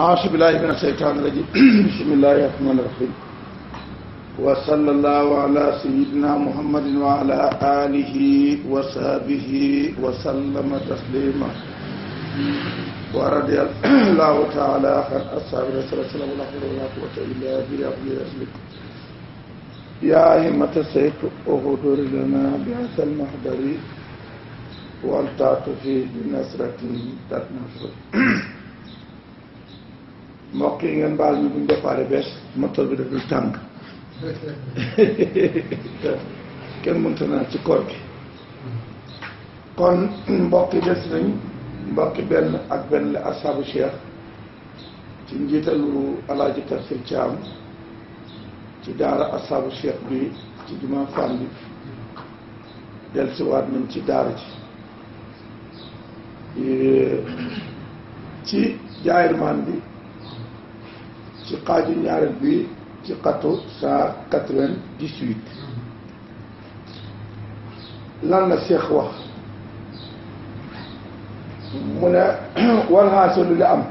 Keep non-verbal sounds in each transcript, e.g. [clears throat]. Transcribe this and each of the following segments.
أعوذ بالله من الشيطان الرجيم [clears throat] بسم الله الرحمن الرحيم وصلى الله على سيدنا محمد وعلى آله وصحبه وسلم تسليما ورضي الله تعالى عن أصحاب رسول الله صلى الله عليه وسلم إلا برب رسولك يا أهمة السيف أهدر لنا بعث المحضر والتعطف بنصرة تتنصر [clears throat] mbokk yi ngeen baal ñu buñ defaale bees motor bi dafay tàng [laughs] kenn mënta naa ci koor gi kon mbokk yi des mbokki benn ak benn la asaabu cheikh ci njiitalu alaaji tafsir caam ci daara asaabu cheikh bi ci jumaa fan bi dellusiwaat nañ ci daara ji ci jaayirmaan bi ci xaaju ñaareel bi ci xatu cent quatre-vingt-dix-huit lan la Cheikh wax mu ne [clears throat] wal xaasilu li am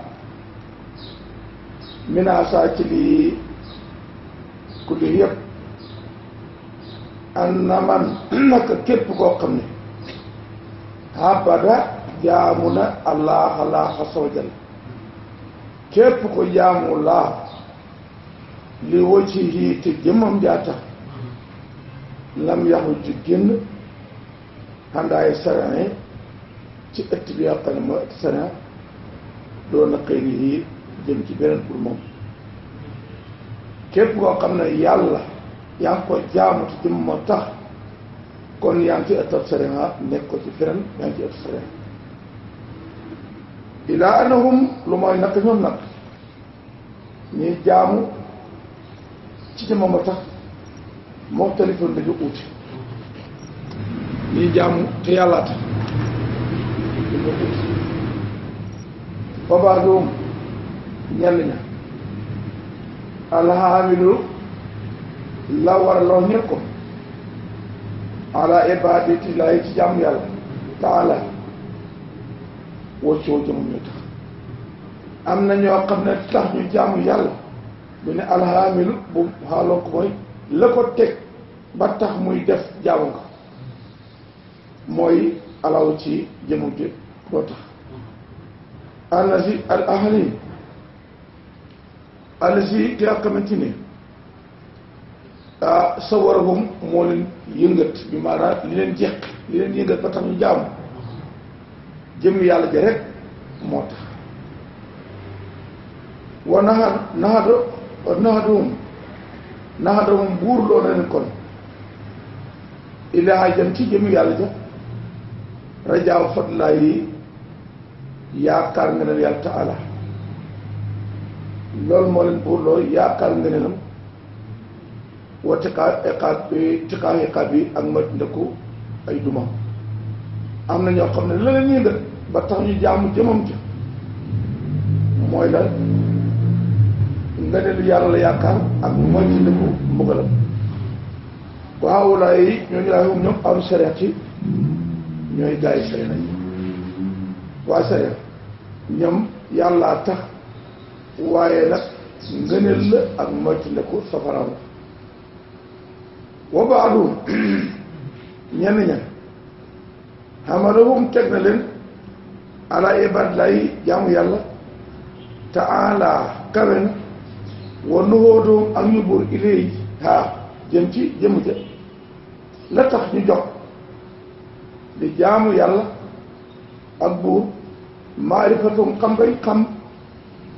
minasa ci lii ku li yëpp an na man [clears throat] naka képp koo xam ne habada jaamu na allah allah azza wa jalla képp ko jaamu laa li wacci yii te jëmmam jaa tax lam yaxu ju génn àndaay sarane ci ëtt bi nga xam mooy ëtt sarane doon na xëy na jëm ci beneen pour moom képp koo xam ne yàlla yaa ngi ko jaamu te jëmm moo tax kon yaa ngi ci ëttab sarane nekk ko ci feneen yaa ngi ci ëtt sarane ilaa annahum lu mooy nag ñoom nag ñuy jaamu ci jamono tax moo téléphone dañu uuti ñuy jaamu te yàllaa tax dañu uuti fa baadoom ñenn ña la war a loo ñëpp ko ala ibaadati ci jaamu yàlla taala woo coow jamono tax am na ñoo xam ne tax ñu jaamu yàlla bu ne alxaamilu bu xaaloo ko mooy la ko teg ba tax muy def jaamu nga mooy alaw ci jëmu ji loo tax anasi al ahali anasi ki nga xamante ni ah, sa warabum moo leen yëngat bi maanaam li leen jeq li leen yëngat ba tax ñu jaamu jëm yàlla ja rek moo tax wa naxar naxado kon naxaduhum naxaduhum buur loo na leen kon ilaa jëm ci jëmu yàlla ja rajaaw fadlaa yaakaar nga ne yàlla taala loolu moo leen buur loo yaakaar nga ne wa tiqaa iqaab bi tiqaa iqaab bi ak mat ndëkku ay duma am na ñoo xam ne la ñuy def ba tax ñu jaamu jëmam ja mooy la ngëneelu yàlla la yaakaar ak mooy ci li mu mbugalam waaw walaay yi ñooñu laay moom ñoom am sareet ñooy gars yi yi waa sareet ñoom yàllaa tax waaye nag ngëneel la ak moytu ndeku safaraam wa baadu ñenn ña xamalahum teg na leen ala ibaad lay jaamu yàlla taala kawe wonno hoodoon anniɓor ileyi haa jemti jemute la tax ñu jox di jaamu yàlla ak buur maarifatum xam bay xam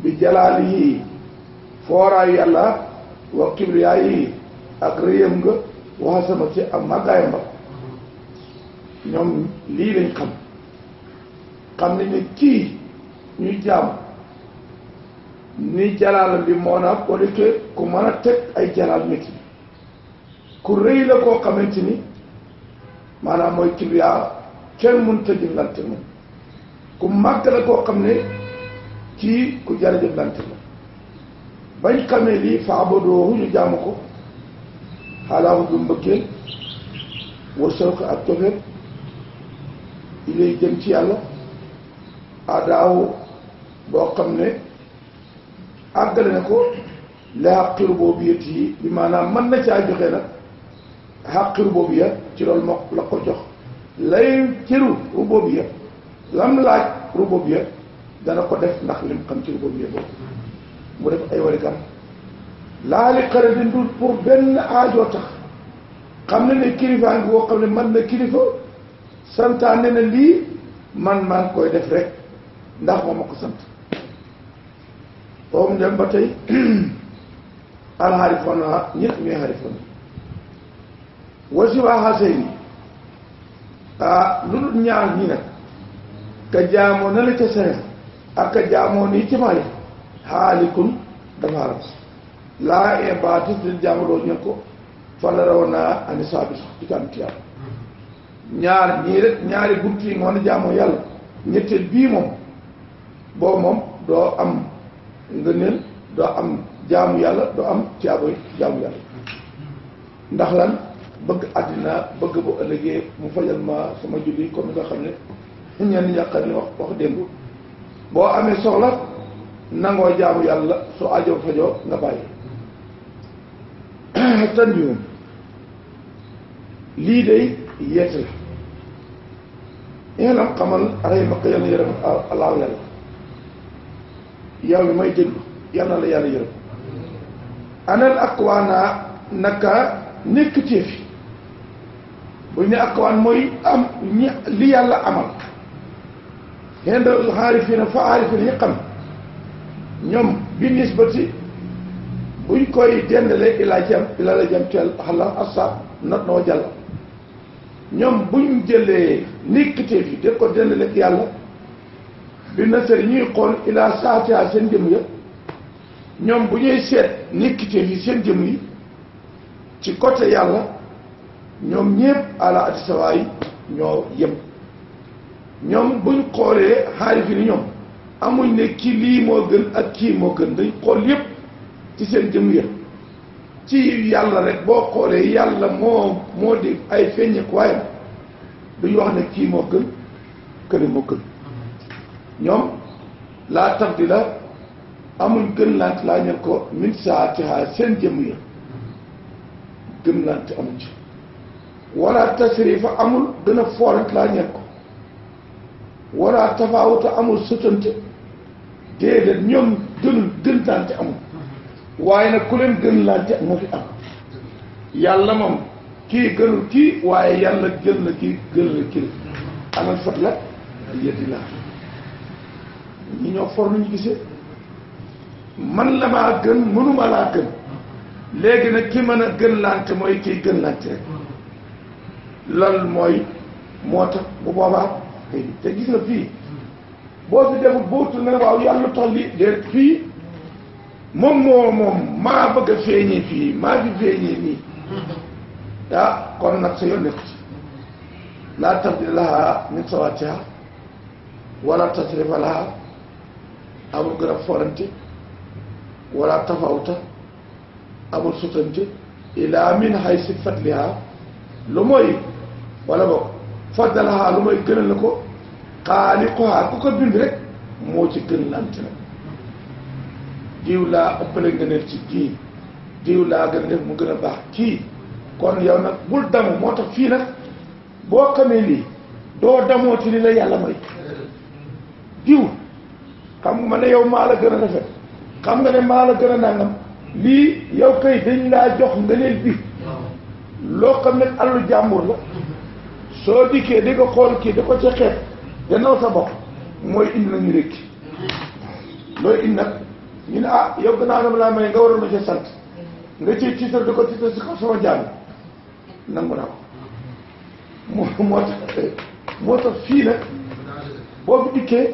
bi jalaalihi fooraay yàlla wa kibriyaayi ak réyam nga waxasama ci ak màggaaya mbag ñoom lii lañ xam xam ne ne kii ñuy jaamu ni jalaalam bi moo naa ko ku mën a teg ay jalaal nit ku rëy la koo xamante ni maanaam mooy kibriyaa kenn mun ta jëflante moom ku màgg la koo xam ne ci ku jar a jëflante la bañ xamee lii faabadoohu ñu jaamu ko xaalaahu du mbëggeel wa sawq ak cofeet ilay jëm ci yàlla adaaw boo xam ne àggale na ko laa xir boobu yët yi bi maanaam mën na caa joxe nag xaq xir ci loolu moo la ko jox lay cëru ruboobu ya lam laaj ruboobu dana ko def ndax lim xam ci ruboobu ya boobu mu def ay waligam laa li di ndul pour benn aajoo tax xam ne ne kilifaan boo xam ne mën na kilifa santaane na li man maa ko def rek ndax moom ma ko sant foofu mu dem ba tey [clears throat] alxaarifoon ñett ñuy xaarifoon wasiba xaseyni lu dul ñaar ñi nag ka jaamoo na la ca sene ak ka jaamoo nii ci maay xaalikun dafa xarab laa ebaatis di jaamaloo ñu ko fan la rawoon naa ani di ko am ñaar ñii rek ñaari bunt yi nga xam ne jaamoo yàlla ñetteel bii moom boobu moom doo am ngëneel doo am jaamu yàlla doo am caaboy jaamu yàlla ndax lan bëgg àddina bëgg bu ëllëgee mu fajal ma sama julli comme ni nga xam ne ñenn yàqar ni wax wax démb boo amee soxla nangoo jaamu yàlla soo ajoo fajoo nga bàyyi [clears throat] tan lii day yeete la xamal rey ma ko yàlla yaram alaaw yàlla yow mi may déglu yal na la yàlla yërëm anal akwaanaa naka nekk téefi bu ñu akwaan mooy am ñi li yàlla amal xen da xaarifiina fa aarifiina ñi xam ñoom bi nisbati buñ koy dendale ilaa jam ilaa la jam teel xala assa not noo jàll ñoom buñ jëlee nekk téefi da ko dendale yàlla bi nasar ñuy xool ilaa saatiha seen jëm ya ñoom bu ñuy seet nekkite yi seen jëm yi ci côté yàlla ñoom ñépp ala ati sawaay ñoo yem ñoom buñ xoolee xaari fi ni ñoom amuñ ne kii lii moo gën ak kii moo gën dañ xool yépp ci seen jëm ya ci yàlla rek boo xoolee yàlla moo moo di ay feññeek waayam duñ wax ne kii moo gën kële moo gën ñoom laa tax di la amul gën laant laa ñel ko min saatihaa seen jëmm ya gën laante amul ci wala tasrifa amul gën a foorant laa ñel ko wala tafaawuta amul sutante déedéet ñoom gënul gën laante amul waaye nag ku leen gën laante moo yàlla moom kii gënul kii waaye yàlla gën la kii gën la kii amal fat la yeddi laa ñu ñoo for ñu gisee man la maa gën mënuma laa gën léegi nag ki mën a gën lante mooy kii gën lante rek loolu mooy moo tax bu boobaa te gis nga fii boo fi defut bootul na waaw yàlla toll lii déet fii moom moom maa bëgg a feeñee fii maa fi feeñee nii ah kon nag sa yoon nekku ci laa tabdila laha min sawaatiha wala tasrifa laha amul garab forante wala tafawta amul sutante ilaa min xay si fatliha lu mooy wala boog faddalaha lu mooy gënal la ko xaaliquha ku ko bind rek moo ci gën lant la diw laa ëppale ngëneel ci kii diw laa gën a def mu gën a baax kii kon yow nag bul damu moo tax fii nag boo xamee lii doo damoo ci li la yàlla may diw xam nga ne yow maa la gën a rafet xam nga ne maa la gën a nangam lii yow kay dañ laa jox nga leen bi loo xam ne àllu jàmbur la soo dikkee di ko xool kii da ko ca xeet te naw sa bopp mooy indi nañu rekki looy indi nag ñu ne ah yow gannaaw dama laa may nga waroon na ca sant nga ciy tiitar di ko tiitar si kaw sama jàng nangu naa ko moo moo moo tax fii nag boo dikkee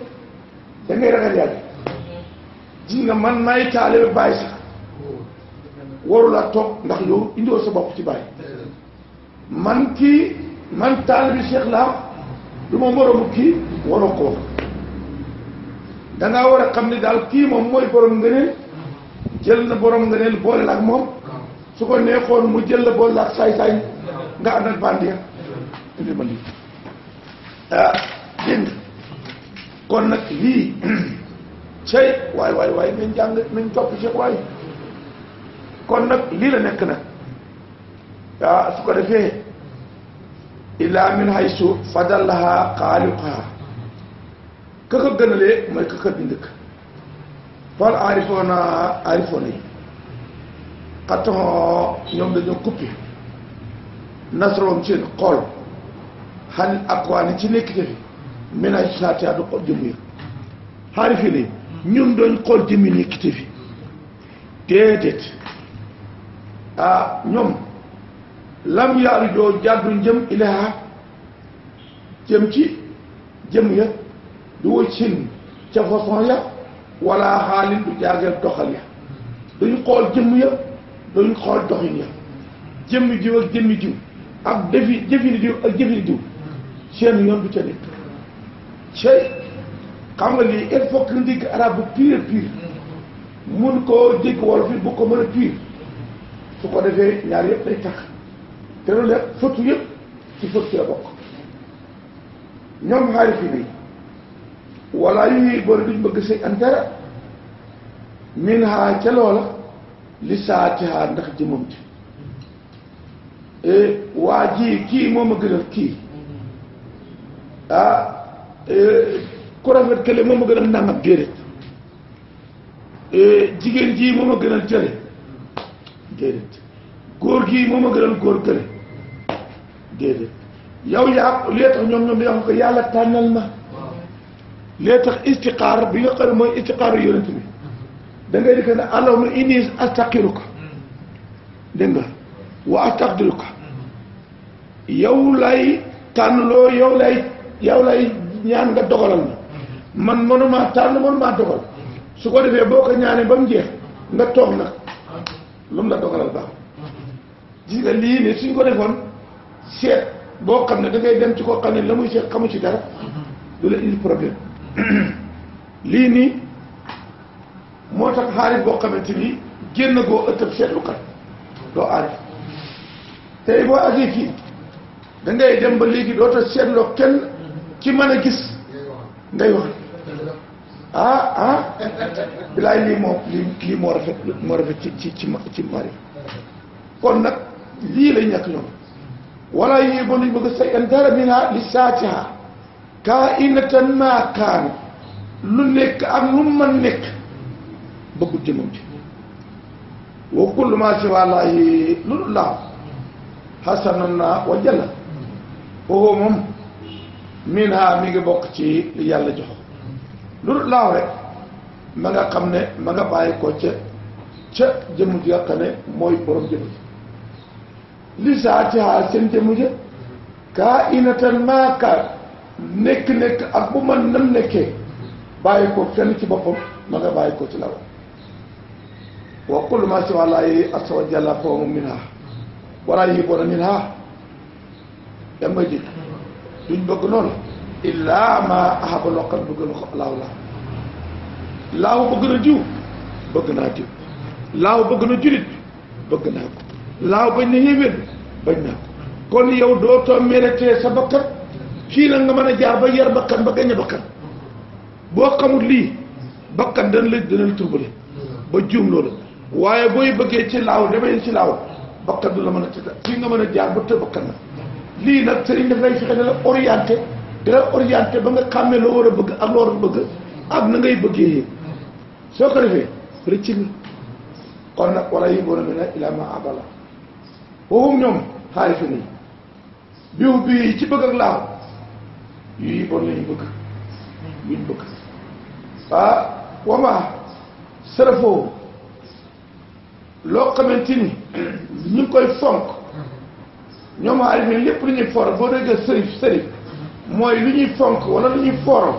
da ngay ragal yàlla ji nga man may taalibe bàyyi sax warula toog ndax yow indoo sa bopp ci bàyyi man kii man taalibe Cheikh laa ma moromu kii waroo ko wax war a xam ni daal kii moom mooy borom ngëneel jël na borom ngëneel boole la ak moom su ko neexoon mu jël la boole la ak saay-saay nga ànd ak bàndiya indi ma lii ah dégg kon nag lii [clears throat] cey waay waay waay nañ jàng nañ topp ci waay kon nag lii la nekk nag ah su ko defee illa min haysu fadallaha xaaliqaha ka ko gënalee mooy ka ko bind ka fal aarifoona aarifoona yi xatoxoo ñoom dañoo kuppi nasroom seen xool xan akwaani ci nekk te fi ménage saatia du xool jëmm yi xaari fi nii ñun doñ xool jëmmi ni kité fi déedéet ah ñoom lam yaaru joo jàdduñ jëm ilaha jëm ci jëm ya du wëcin ca façon ya wala xaalin du jaageel doxal ya duñ xool jëmm ya duñ xool doxin ya jëmmi diw ak jëmmi diw ak defi jëfini diw ak jëfini diw seen yoon ca nekk chey xam nga lii il faut que ñu dégg arabe bu pire pire mun koo dégg wolof yi bu ko mën a pire su ko defee ñaar yëpp day tax te loolu yëpp fëttu yëpp ci fëttu la bokk ñoom xaari fi bi waa ji kii moom a gënal kii ah, ku rafet kële moom a gën a nangam déedéet jigéen jii moom a gën a jële góor gii moom a gën a góor kële déedéet yaa lee tax ñoom ñoom dañoo ko yàlla tànnal ma lee tax istiqaar bi nga xam ne mooy istiqaaru yonent bi da ngay dikk ne allahumma inni astaqiruka dégg nga wa astaqdiruka yow lay tànnloo yow lay yow lay ñaan nga dogalal ma man mënumaa tànn mënumaa dogal su ko defee boo ko ñaanee ba mu jeex nga toog nag lu mu la dogalal baax gis nga lii ne suñ ko defoon seet boo xam ne dangay dem ci ko xam ne la muy seet xamu ci dara du la indi problème [clears throat] lii nii moo tax xaarit boo xamante ni génn goo ëttab seetlukat doo aarif tey boo agee fii da dem ba léegi doota seetloo kenn ki mën a gis ngay wax ah ah bilaay lii moo lii moo rafet moo rafet ci ci ci ci mari kon nag lii lay ñàkk ñoom wala yi bon ñu bëgg say an dara minha li saatiha kaa inatan maa kaanu lu nekk ak lu man nekk bëggul jëmam ji wa kullu maa si wàllahi lu laaw xasanana wa jalla oo moom min ha mi ngi bokk ci yàlla jox lu dul laaw rek ma nga xam ne ma nga bàyyi ko ca ca jëmm ji nga ne mooy borom jëmm ji li saa ci xaal seen jëmm ji kaa inatan maakaar nekk-nekk ak bu man nam nekkee bàyyi ko fenn ci boppam ma nga bàyyi ko ci laaw wa kullu ma siwa laahi azza wa jalla fa huwa min ha wala yi bona min ha damay jikk duñ bëgg loolu illaa ma ahaba loo xam bëgg ko laaw laaw laaw bëgg na jiw bëgg naa diw laaw bëgg na julit bëgg naa ko laaw bañ na yéwén bañ naa ko kon yow dootoo méritee sa bakkan fii la nga mën a jaar ba yar bakkan ba gañ a boo xamul lii bakkan dana la dana la turbale ba juum loolu waaye booy bëggee ci laaw demee ci laaw bakkan du la mën a tëdd fii nga mën a jaar ba tëb bakkan na lii nag sëriñ daf lay fexe ne la orienté di ba nga xàmmee loo war a bëgg ak loo war a bëgg ak na ngay bëggee soo ko defee rëcc nga nag wala yi boona mi ne ma abala wowum ñoom xaari fi nii biwu bi ci bëgg ak laaw yu yi bon lañu bëgg luñ bëgg ah wama sërëfoo loo xamante ni ñu ngi koy fonk ñoom waa Alioune lépp lu ñuy for boo déggee sërif sërif mooy lu ñuy fonk wala lu ñuy foral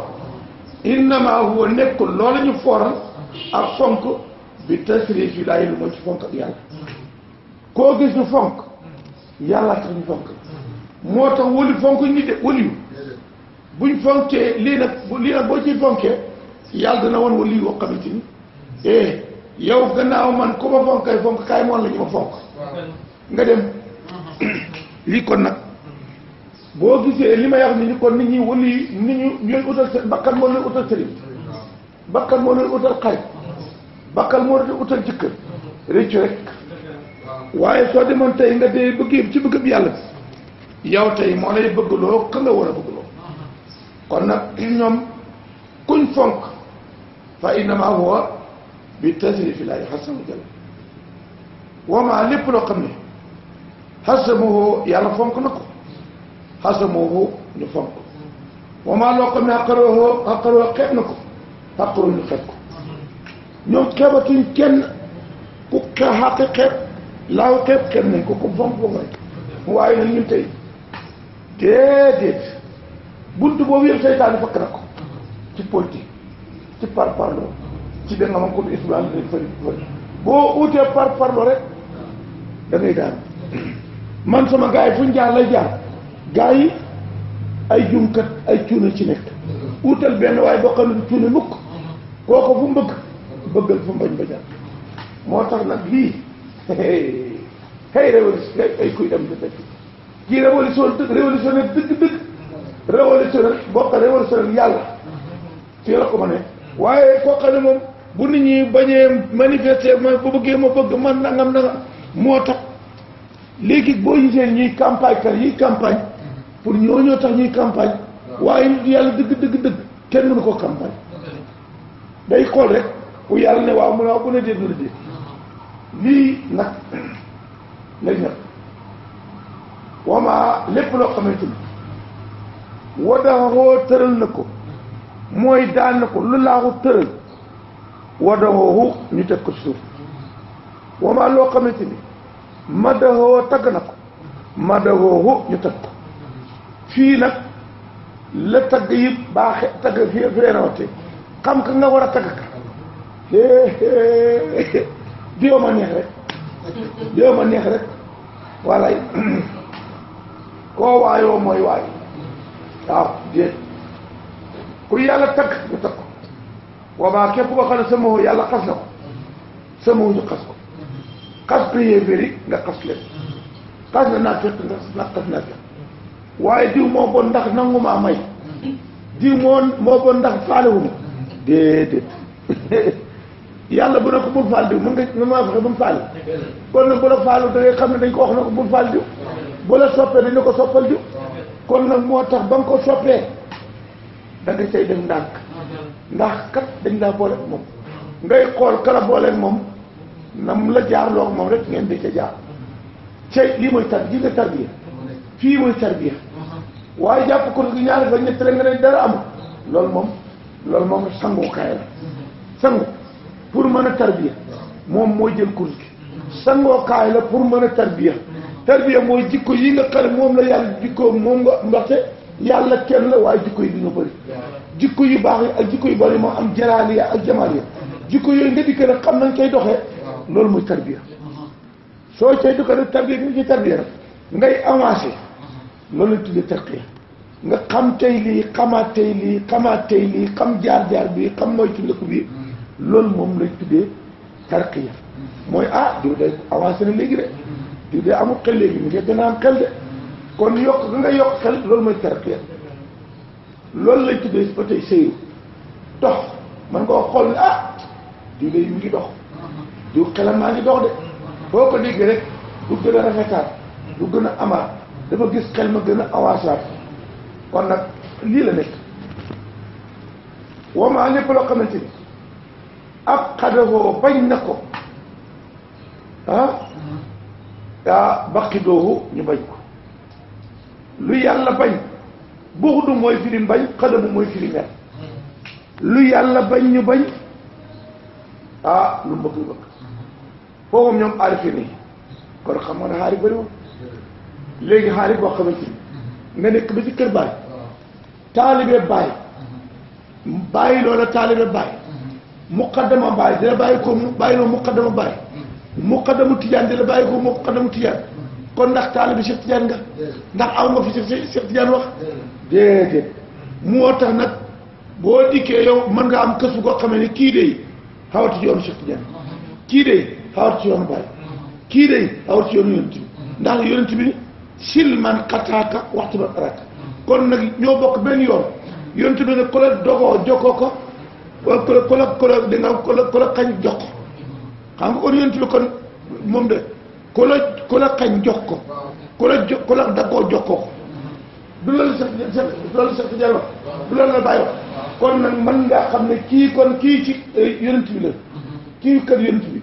innama huwa nekkul loolu ñu foral ak fonk bi tasrif yu laay lu mooy ci fonk ak yàlla koo gis ñu fonk yàlla tax ñu fonk moo tax wëli fonk ñu de wëliyu buñ fonkee lii nag lii nag boo ciy fonkee yàlla dana wan wëliyu woo xamante ni eh yow gannaaw man ku ma fonkay fonk kaay moon la ma fonk nga dem lii kon nag boo gisee li may wax ni kon nit ñi wëli yi nit ñu ñooy utal sëriñ bakkan moo leen utal sëriñ bakkan moo leen utal xarit bakkan moo utal jëkkër réccu rek waaye soo demoon tey nga dee bëgg ci bëggam yàlla yow tey moo lay bëggloo ka nga war a bëggloo kon nag ñoom kuñ fonk fa innama huwa bi tasrifi laahi xasa wa jalla wamaa lépp loo xam ne xasamuhu yàlla fonk na ko xasamuhu ñu fonk wa maa loo xam ne xaqaroo xaqaroo xeeb na ko xaqaroo ñu xeeb ko ñoom xeebatuñ kenn ku xaqi xeeb laaw xeeb xeeb nañ ko ku fonk ko mooy waaye nag ñun tey déedéet bunt boobu yëpp seytaane fakk na ko ci politique ci par parlo ci da nga man ko islam dañ fari fari boo utee par parlo rek da ngay man sama gars yi fuñ jaar lay jaar gars yi ay jumkat ay cuune ci nekk uutal benn waaye boo xam ne cuune mukk kooku fu mu bëgg fu mu bañ moo tax nag lii xëy révolution ay kuy dem di dëkk kii révolution révolutionnaire dëgg dëgg révolutionnaire bokk révolutionnaire yàlla fii la ko ma ne waaye koo xam ne moom bu nit ñi bañee manifester ma bu bëggee ma bëgg man nangam nangam moo tax léegi boo gisee ñuy campagne kan yi campagne pour ñoo ñoo tax ñuy campagne waaye yàlla dëgg dëgg dëgg kenn mënu ko campagne day xool rek ku yàlla ne waaw mu ne waaw bu ne dee du dee lii nag [clears throat] lay nag wama lépp loo xamante ni wadaxoo tëral na ko mooy daan na ko lu laaxu tëral wadaxoohu ñu teg ko ci suuf wama loo xamante ni madahoo tagg na ko madahoohu ñu tagg fii nag la tagg yi baaxe tagg fi fireenote xam ka nga war a tagg ka é [laughs] dioo ma neex rek dioo ma neex rek walay [clears throat] koo waayoo mooy waay waaw dée ku yàlla tagg ñu tagg ko wamaa képp ko xam ne sa mahoo yàlla xas na ko sa mahu ñu xas ko xas ko yéeféer yi nga xas leen xas la naa nga xas naa waaye diw moo bon ndax nangu maa may diw moo moo bon ndax faalewuma déedéet [laughs] yàlla bu ne ko bul faal diw mën nga mën ba mu xam ne dañ ko wax na ko bul faal diw bu la soppee dañ ne ko soppal diw kon nag moo tax ba nga ko soppee da nga cay dem ndànk ndax kat dañ laa booleeg moom ngay xool kala booleeg moom nam la jaar loo moom rek ngeen di ca jaar ci lii mooy tar ji nga tarbiya fii mooy tarbiya waaye jàpp ko gi ñaari fa ñett rek nga ne dara amul loolu moom loolu moom sangukaay la sangu pour mën a tarbiya moom mooy jël kurus gi sangookaay la pour mën a tarbiya tarbiya mooy jikko yi nga xam moom la yàlla jikkoo moom nga ndaxte yàlla kenn la waaye jikko yi bi nga bëri jikko yu baax yi ak jikko yu bëri moo am jalaaliya ak jamaaliya jikko yooyu nga dikkee nag xam koy doxee loolu muy tarbiya soo cay duggalee tarbiya bi ñu ci tarbiya nag ngay avancé loolu la tuddee tarqiya nga xam tey lii xamaat tey lii xamaat tey lii xam jaar-jaar bi xam mooy ci ndëkk bi loolu moom lañ tuddee tarqiya mooy ah diw day avancé na de amul xel léegi mi ngi gën am xel de kon yokk nga nga yokk xel loolu mooy tarqiya loolu lañ tuddee ba tey sëyu dox man nga xool ne ah diw day ngi dox du xelam maa ngi dox de boo ko déggee rek du gën a rafetaat du gën a amaat dafa gis xel ma gën a awaasaat kon nag lii la nekk wama lépp loo xamante ni ab xadafoo bañ na ko ah yaa baqidoohu ñu bañ ko lu yàlla bañ buxdu mooy firi bañ xadamu mooy firi mer lu yàlla bañ ñu bañ ah lu mbëgg bëgg foofu ñoom aarif yi kon xam nga ne aarif bëriwul léegi aarif boo xamante ni nga nekk ba ci kër baay taalibe baay bàyyi loola taalibe baay muqaddama baay dina bàyyi ko bàyyi loo muqaddama baay muqaddamu tijaan dina bàyyi ko muqaddamu tijaan kon ndax taalibe Cheikh Tidiane nga ndax aw nga fi Cheikh Tidiane wax déedéet moo tax nag boo dikkee yow mën nga am kësu goo xamee ni kii de xawati yoonu Cheikh Tidiane kii de awar ci yoonu bàyyi kii day awar ci yoonu yonent bi ndax yonent bi sil man xataaka waxtu man araka kon nag ñoo bokk benn yoon yonent bi ko wala ku la ku la jox ko xam nga kon yonent moom de ku la ku la xañ jox ko ku jox ko la bàyyi wax kon nag mën ngaa xam ne kii kon kii ci eh, yonent bi la kii kat yonent bi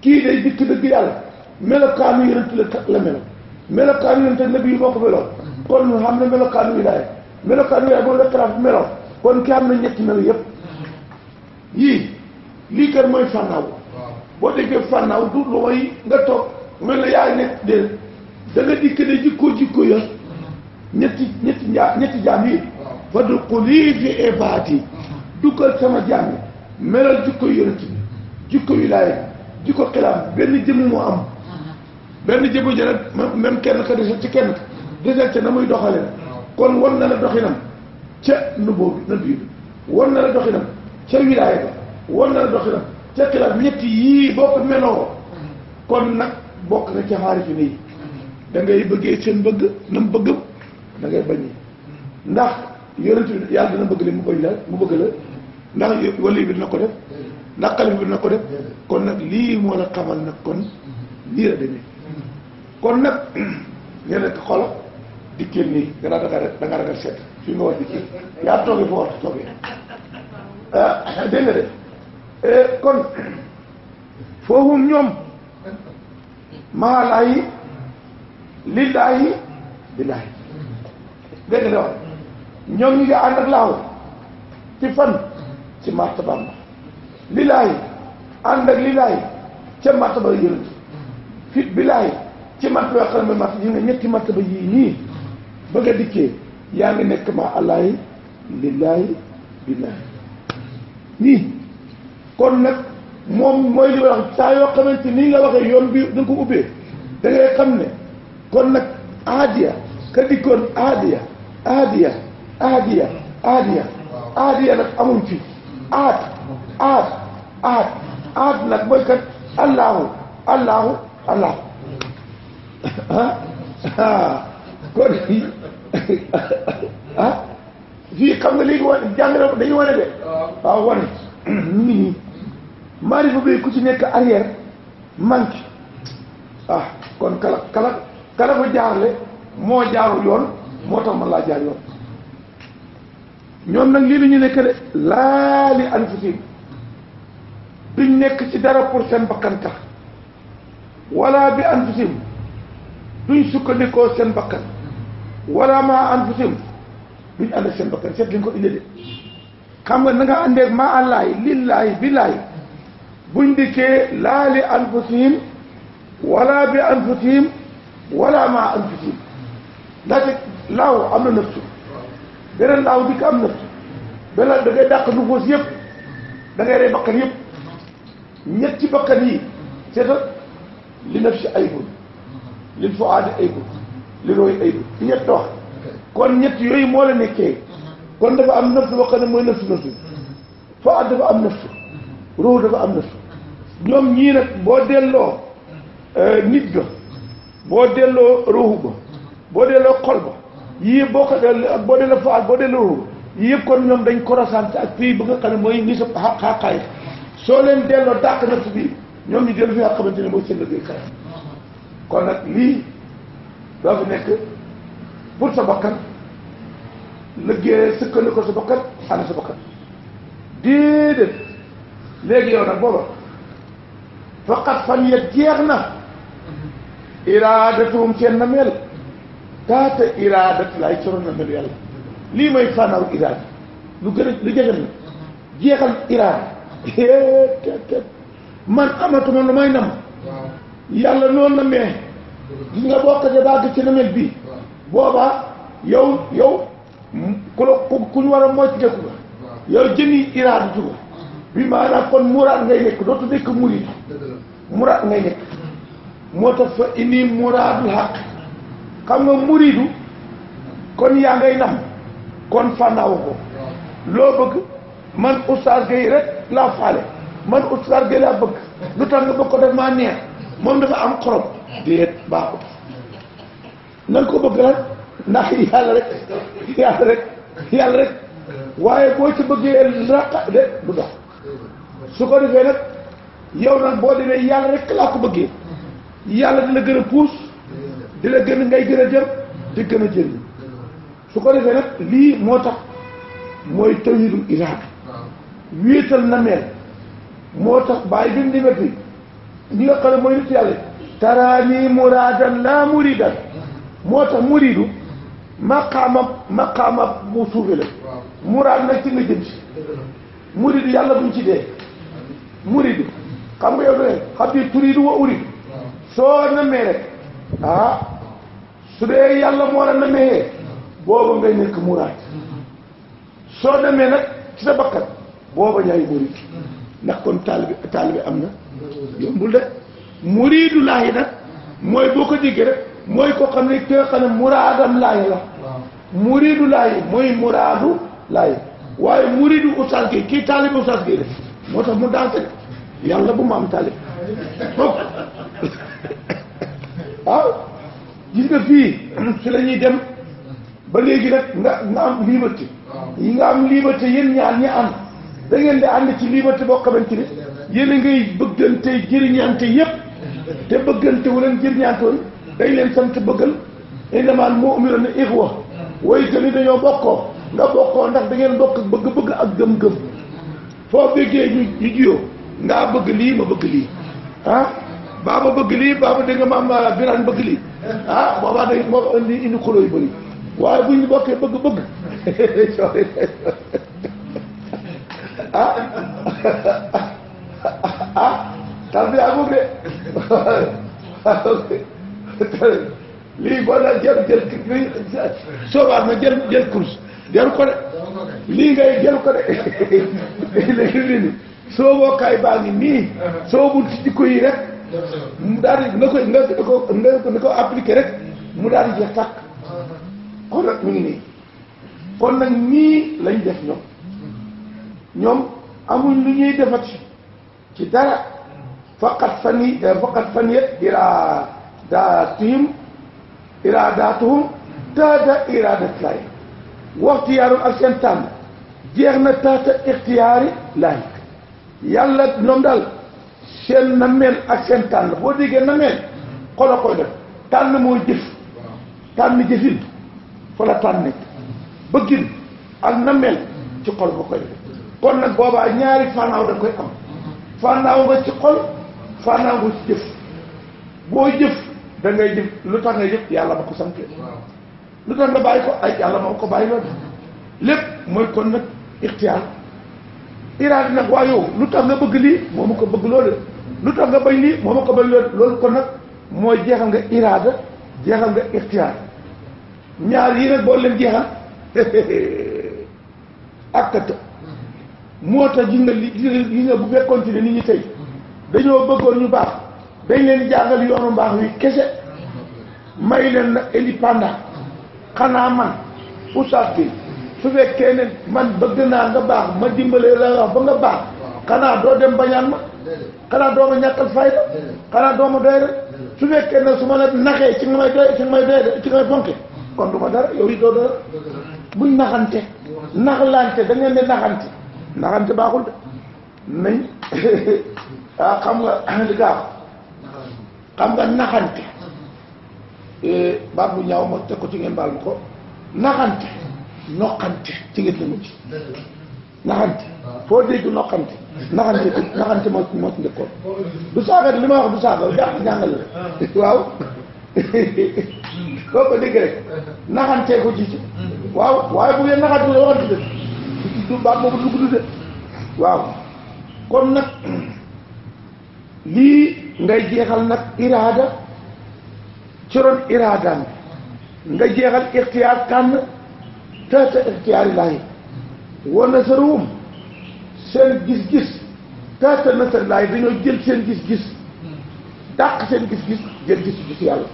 kii day dikk dëgg yàlla melokaanu yonent la melo melokaanu yonent ak nabi yi moo ko meloo kon xam na melokaanu wilaaya melokaanu wilaaya boobu la taraf meloo kon ki am na ñetti melo yëpp yii lii kër mooy fànnaaw boo déggee fànnaaw du lu nga toog mel na yaa nekk de da nga dikk de jikkoo jikkoo ya ñetti ñetti jaam yi fa du xulii fi ibaati duggal sama jaam yi melal jikko yonent bi jikko wilaaya di ko xilaaf benn jëmm moo am benn jëmm ji nag même kenn ka desal ci kenn desal ca na muy doxale kon won na la doxinam ca nubóo bi nëbb yi won na la doxinam ca wilaaya ba won na la doxinam ca xilaaf ñett yii boo meloo kon nag bokk na ci xaarifi nii da ngay bëggee seen bëgg na mu bëggam da ngay bañ ndax yonent yàlla dina bëgg li mu bëgg la mu bëgg la ndax wala bi dina ko def ndax xalif bi na ko def kon nag lii moo la xamal nag kon nii la demee kon nag ngeen nekk xolo dikkil nii danaa danga da nga ragal set fii nga war dikkil yaa toogee foo war toogee ah de eh, kon foohum ñoom mahalaayi lillaahi yi dégg nga de wax ñoom ñu ngi ànd ak laaw ci fan ci martabaam bilaay ànd ak lilaay ca martaba ci martaba xam yi ñetti martaba yii nii bëgg a dikkee yaa ngi nekk ma allaay lilaay bilaay nii kon nag moom mooy li wax saa yoo xamante nii nga waxee yoon bi da nga ko ubbee da ngay xam ne kon nag aadiya ka dikkoon aadiya aadiya aadiya aadiya aadiya nag amul fi aad aad aad aad nag mooy kat allahu allahu allah kon fii ah xam nga léegi wane jàngale dañuy wane de waaw wane nit ñi maarifa bi ku ci nekk arrière manque ah kon kala kala kala ko jaarle moo jaarul yoon moo tax man laa jaar yoon ñoom nag lii la nekk de laali anfusihim duñ nekk ci dara pour seen bakkan tax wala bi anfusim duñ sukkandikoo seen bakkan wala maa anfusim duñ ànd seen bakkan seet li nga ko indee de xam nga na nga àndeeg maa àllaay lillaay billaay buñ dikkee laa li anfusihim wala bi anfusihim wala maa anfusihim ndaxte laaw am na nafsu beneen laaw am na beneen da ngay dàq nufoos yëpp da ngay rey bakkan yëpp ñetti bakkan yi seetal li naf si aybun li fu aadi aybun li rooy aybun ñett wax kon ñett yooyu moo la nekkee kon dafa am nafsu boo xam ne mooy nafsu nafsu fu am nafsu dafa am nafsu ñoom ñii nag boo delloo euh, nit ga boo delloo ruuxu ba boo delloo xol ba yii yëpp boo ko delloo ak boo delloo faal boo delloo ruuxu yii yëpp kon ñoom dañ korosante ak fii ba nga xam ne mooy ni sa xaqaay soo leen delloo dàq natt bi ñoom ñu dellu fi nga xamante ne mooy seen liggéeykaay kon nag lii doo fi nekk pour sa bakkan liggéey sëkkale ko sa bakkan ana sa bakkan déedéet léegi yow booba faqat fan yet jeex na iraadatuhum seen na mel taata iraadat laay soroon na mel yàlla lii mooy fànnaaw iraada lu gën lu jege na jeexal iraada man amatuma lu may nam yàlla noonu na mee gis nga bokkate bàgg ci namel bi boobaa yow yow ku la ku ñu war a mooy dëkku ga yow jëmi iraadu juga bi maanaam kon muraad ngay nekk dootu nekk murid muraad ngay nekk moo tax fa ini muraadul xaq xam nga muridu kon yaa ngay nam kon fànnaawu ko loo bëgg man Oustaz Gueye rek laa faale man Oustaz Gueye laa bëgg lu tax nga bëgg ko def maa neex moom dafa am xorom déet baaxut na ko bëgg lan ndax yàlla rek yàlla rek waaye boo ci bëggee raqa de du dox su ko defee nag yow nag boo demee yàlla rek laa ko bëggee yàlla dina gën a puus di la gën ngay gën a jëm di gën a jëriñ su ko defee nag lii moo tax mooy tawhidul ilaahi wéetal na meel moo tax bàyyi bi mu dimbati ñi nga xam ne mooy nit yàlla taraani muraadan laa muridan moo tax muridu maqaama maqaama bu suufe la muraad nag ci nga jëm si muridu yàlla buñ ci dee muridu xam nga yow dane xam di turidu wa uridu soo namee rek ah su dee yàlla moo la nag ci sa bakkat booba yaay murid ndax kon taalibi taalibi am na yombul de muridu laahi nag mooy boo ko déggee rek mooy koo xam ne koo xam ne muraadam laahi la muridu laahi mooy muraadu laahi waaye muridu ustaas gi kii taalibi ustaas gi def moo tax mu daante yàlla bu mu am taalib foofu [laughs] waaw ah. gis nga fii si [clears throat] la ñuy dem ba léegi nag nga nga am liberté yi nga am liberté yéen ñaar ñi am da ngeen di ànd ci liberté boo xamante ni yéen a ngay bëggante jëriñante yépp te bëggante wu leen jëriñante woon dañ leen sant bëggal innamal mu'minuna ikhwa way gëni dañoo bokkoo nga bokkoo ndax da ngeen bokk bëgg-bëgg ak gëm-gëm foo bëggee ñu ñu jiyoo ngaa bëgg lii ma bëgg lii ah baaba bëgg lii baaba dégg nga maam biraan bëgg lii ah boobaa day moo indi indi xuloo yu bëri waaye bu ñu bokkee bëgg-bëgg [laughs] ah ah tarbiya amul de lii boo jël jël lii soobaat na jël jël course jël ko de lii ngay jël ko de léegi lii nii soobookaay baa ngi nii soobul ci jikko yi rek mu daal di ko na rek mu daal di jeex tàkk kon nag ngi nii kon nag nii lañ def ñoom ñoom amuñ lu ñuy defati ci dara faqat fan yi eh, faqat fan yet iradatihim iradatuhum taata iradat laay waxtiyaarul ak seen tànn jeex na taata ixtiyaari laay yàlla ñoom daal seen nameel ak seen tànn boo déggee nameel xol a tànn mooy jëf tànn jëfin fa tànn bëggin ak nameel ci xol ba kon nag boobaa ñaari fànnaaw da koy am fànnaaw nga ci xol fànnaaw nga ci jëf boo jëf da jëf lu tax nga jëf yàlla ma ko sante lu tax nga bàyyi ko ay yàlla ma ko bàyyi lu tax nga bëgg ko bëgg loolu lu tax nga bañ lii moo ma ko bañ loolu kon nag mooy jeexal nga iraada jeexal nga ixtiyaar ñaar yi nag boo leen jeexal [laughs] akkata moo tax gis nga li bu fekkoon ci ne nit ñi tey dañoo bëggoon ñu baax dañ leen jàngal yoonu mbaax wi kese may leen nag indépendant xanaa man oustaz bi su fekkee ne man bëgg naa nga baax ma dimbalee la nga ba nga baax xanaa doo dem bañaan ma xanaa doo ma ñàkkal fayda xanaa doo doy rek su fekkee ne su ma la naxee ci nga may doy ci nga may doy kon du dara yow yi doo dara buñ naxante naxlante da ngeen di naxante naxante baaxul de nañ [laughs] a ah, xam nga [coughs] li gaaw xam nga naxante eh, baat bu ñaaw ma teg ko ci ngeen baal ma ko naxante noqante ci ngeen la mujj naxante foo dégg noqante naxante naxante moo moo ci ko du saaga li ma wax du saaga jàpp jàngal la [laughs] waaw boo [laughs] ko dégg rek naxantee ko jiite waaw waaye bu ngeen naxante la wax dëgg du baat boobu du de waaw kon nag lii ngay jeexal nag iraada ci ron iraadaan nga jeexal ixtiyaar tànn taata ixtiyaari laahi wa nasaruhum seen gis-gis taata nasar laahi dañoo jël seen gis-gis dàq seen gis-gis jël gis-gis yàlla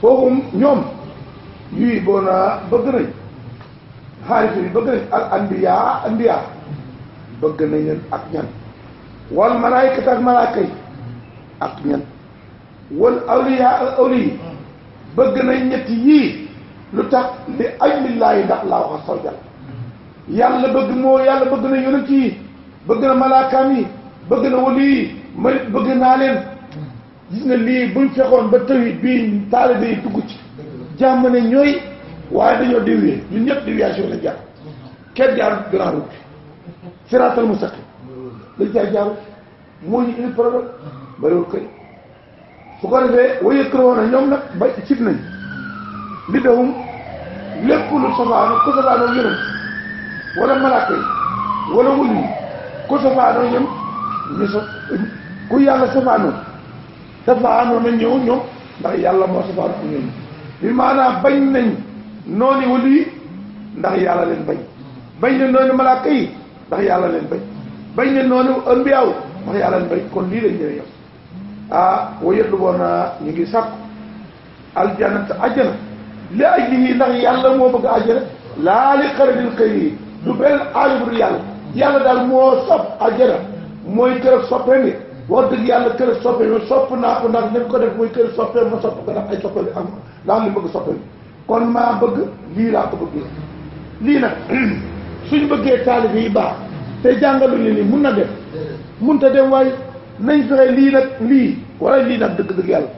foofu ñoom yuy boona bëgg nañ xaarisu yi bëgg nañ al anbiya anbiya bëgg nañ leen ak ñan wal malaayikata ak malaaka ak ñan wal awliya ak awli bëgg nañ ñetti lu tax li ajlillaahi ndax laa wax saw jàll yàlla bëgg na yonent yi bëgg na malaakaam yi bëgg na wali yi ma bëgg naa leen gis nga lii buñ ba tawit bii taalibe yi dugg ñooy waaye dañoo dévier ñun ñëpp déviation la jaar kenn jaar grand route bi siraatal mustaqim lañ caa jaaru moo ñu indi problème bariwul kay su ko defee wa yëkkëroona ñoom nag ba nañ li dahum lépp lu safaanu ku safaanoo ñeneen wala malaaka yi wala wul yi ku safaanoo ñoom ñu sa ku yàlla safaanoo safaanoo na ñëw ñoom ndax yàlla moo safaanoo ñoom bi maanaam bañ nañ nooni wali yi ndax yàlla leen bañ bañ ne nooni malaaka yi ndax yàlla leen bañ bañ ne nooni ambiyaaw ndax yàlla leen bañ kon lii lañ ñëwee yow ah wayetlu boona ñu ngi sàkk aljanata ajjana li aj li ndax moo bëgg ajjana laa li xaradil xëy yi du benn aalibu yàlla yàlla daal moo sopp ajjana mooy kër soppee ni wax dëgg yàlla kër soppee mi sopp naa ko ndax nañ ko kër soppee ma sopp ko kon maa bëgg lii laa bëggee lii nag [clears throat] suñ bëggee taalib yi baax te jàngaluñu ni mun na def mun te dem waaye nañ fexe lii nag lii wala lii nag dëgg dëgg yàlla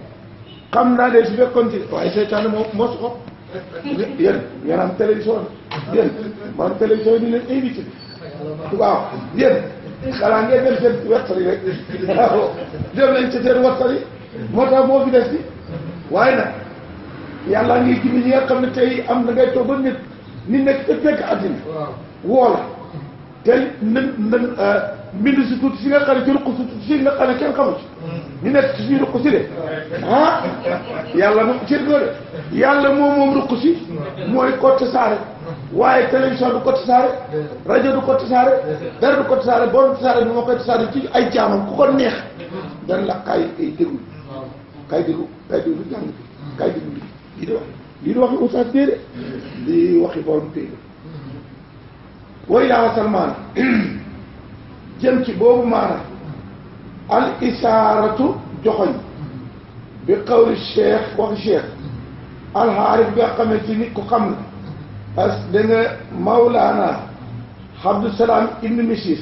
xam naa de su fekkoon ci waaye seytaane moo moo su ko yéen yéen am télévision yéen man télévision yi ñu xanaa ngeen dem seen website rek [laughs] ci seen website moo tax moo fi des bi waaye nag yàlla ngi gindi ñi nga xam ne tey am na ngay toog ba nit ni nekk te fekk àddina woo la te nan nan euh, mbind si tuuti si nga xam ne ci ruq si tuuti si nga xam ne kenn xamu ci hmm. ñu nekk ci suñu ruq si de ah yàlla moom ci loolu yàlla moom moom ruq si mooy côté saare waaye télévision du côté rajo du côté saare dara du côté saare borom saare bi moo koy saare ay jaamam ku ko neex dan la kaay déglu kaay déglu kaay déglu jàng bi kaay lii di wax lii di waxi ustaas téere lii waxi borom téere way laa wasal jëm ci boobu maana al isaaratu joxoñ bi qawli cheikh waxi cheikh alxaarif bi nga ci nit ku xam la parce que da nga mawlaana abdusalaam ibn misis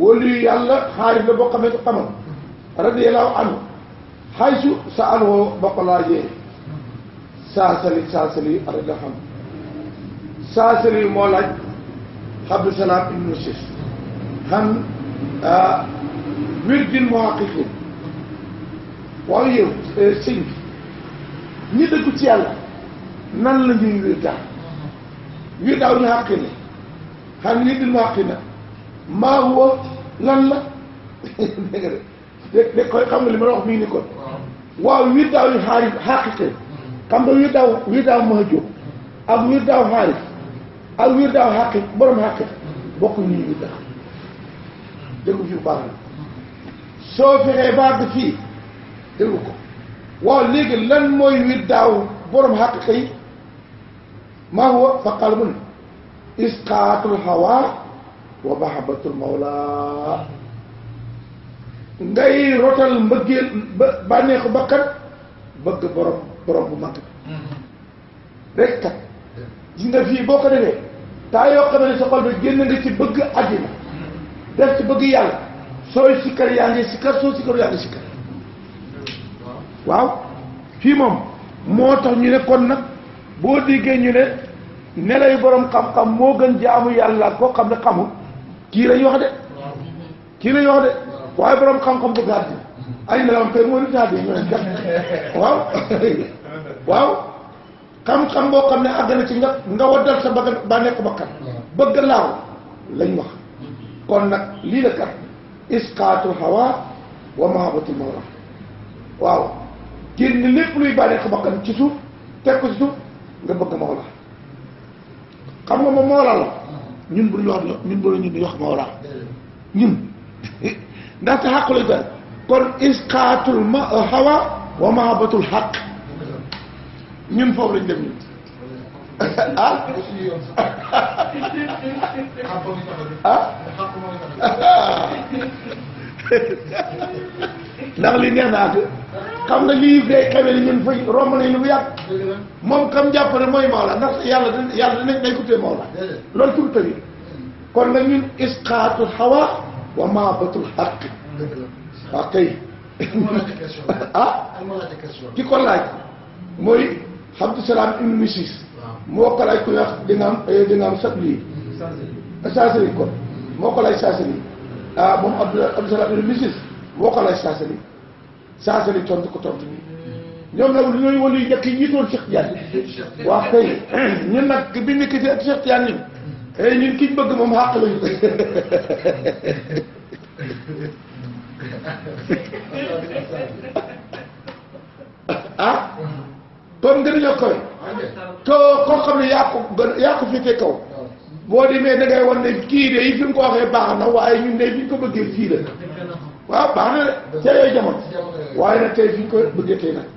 wóliyu yàlla xaarif la boo xamee ku xamal radiallahu anhu xaysu sa alwoo ba saasali saasali ak nga xam saasali moo laaj xabdu salaam ibnu sis xam ah, wirdin muhaqiqin waaw yow eh, sëñ bi ñi dëggu ci yàlla nan la ñuy wirdaa wirdaaw na xàqi huwa lan la [laughs] dégg de koy xam li ma wax mii ni kon waaw wirdaaw yu xam nga wir daaw wir daaw mahjub ak wir daaw xaaris ak wir daaw xàqi borom xàqi bokk ñu wir daaw déglu fi baax na soo fexee baax bi fii déglu ko waaw léegi lan mooy wir daaw borom xàq yi maa huwa fa qaal mu ne isqaatul hawa wa mahabbatul mawla ngay rotal mbëggeel ba bànneexu bakkat bëgg borom borom bu mag mm-hmm. rek kat gis nga fii boo ko defee taa yoo xam ne sa xol bi génn nga ci bëgg àddina mm-hmm. def ci bëgg yàlla sooy sikkar yaa ngi sikkar soo sikkaru yaa ngi sikkar mm-hmm. waaw fii moom moo tax ñu ne nag boo déggee ñu ne nelayu borom xam-xam moo gën jaamu yàlla koo xam ne xamul kii lañ wax de kii lañ wax de waaye borom xam-xam bu gàddi ay nelawam kay mooy lu bi ñu ne waaw waaw xam-xam boo xam ne àgg na ci nga nga waddal sa bëgg ba nekk bakkan bëgg laaw lañ wax kon nag lii la kat isqaatul hawa wa mahabatul mawla waaw génn lépp luy bànneex bakkan ci suuf teg ko ci suuf nga bëgg mawla xam nga moom mawla la ñun bu ñu wax ñun bu ñu wax mawla ñun [laughs] ndax te xàqu lañ kon isqaatul ma euh, hawa wa mahabatul xaq ñun foofu lañ dem ñun [laughs] ah [laughs] ah [laughs] ndax li neex naa xam nga lii day xamee ni ñun fay romb nañ lu mu yàgg moom kam jàpp ne mooy Maola ndax yàlla da yàlla dinañ day guddee Maola loolu tur tëri kon nag ñun isqaatul hawa wa mahabatul xaq waaw kay. [laughs] ah. ki ko laaj. mooy Abdusalaam ibn Misis. moo ko laaj ku ñuy wax dina am eh, saasali kon moo ko laaj saasali ah, moo ko laaj saasali tontu ko tontu bi ñoom nag ñooy wàllu yu njëkk yi jiitoon Cheikh Diagne. waaw kay ñun nag bi ñu nekkati ak Cheikh Diagne ñun. Eh, ñun ki ñu bëgg moom xàq [laughs] ah kon gën a ñoo ko te koo xam ne yaa ko gën yaa ko féetee kaw boo demee da ngay wan ne kii de yi fi mu ko waxee baax na waaye ñun de fi ñu ko bëggee fii la waaw baax na de ca yooyu jamono waaye nag tey fi ñu ko bëggee tey nag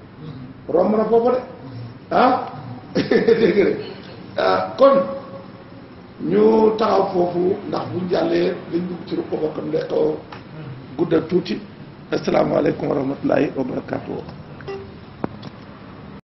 romb na foofu de ah, [laughs] ah kon ñu taxaw foofu ndax buñ jàllee dañ dugg ci ruq boo xam ne xaw guddal tuuti asalaamaaleykum wa rahmatullahi wa barakaatu.